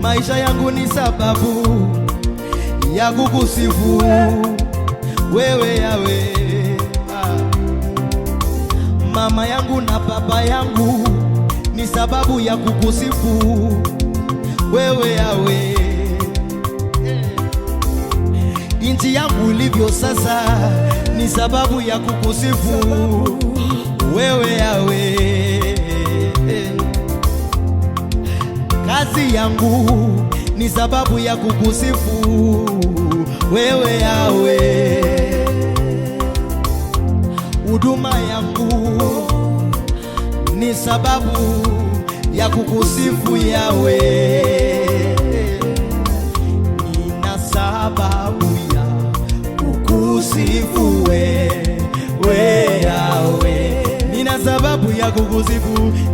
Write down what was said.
maisha yangu ni sababu ya kukusifu wewe yawe ah. mama yangu na baba yangu ni sababu ya kukusifu wewe yawe inchi eh. yangu ilivyo sasa ni sababu ya kukusifu wewe yawe kazi yangu ni sababu ya kukusifu wewe yawe huduma yangu ni sababu ya kukusifu yawe nina sababu ya kukusifu we we yawe nina sababu ya kukusifu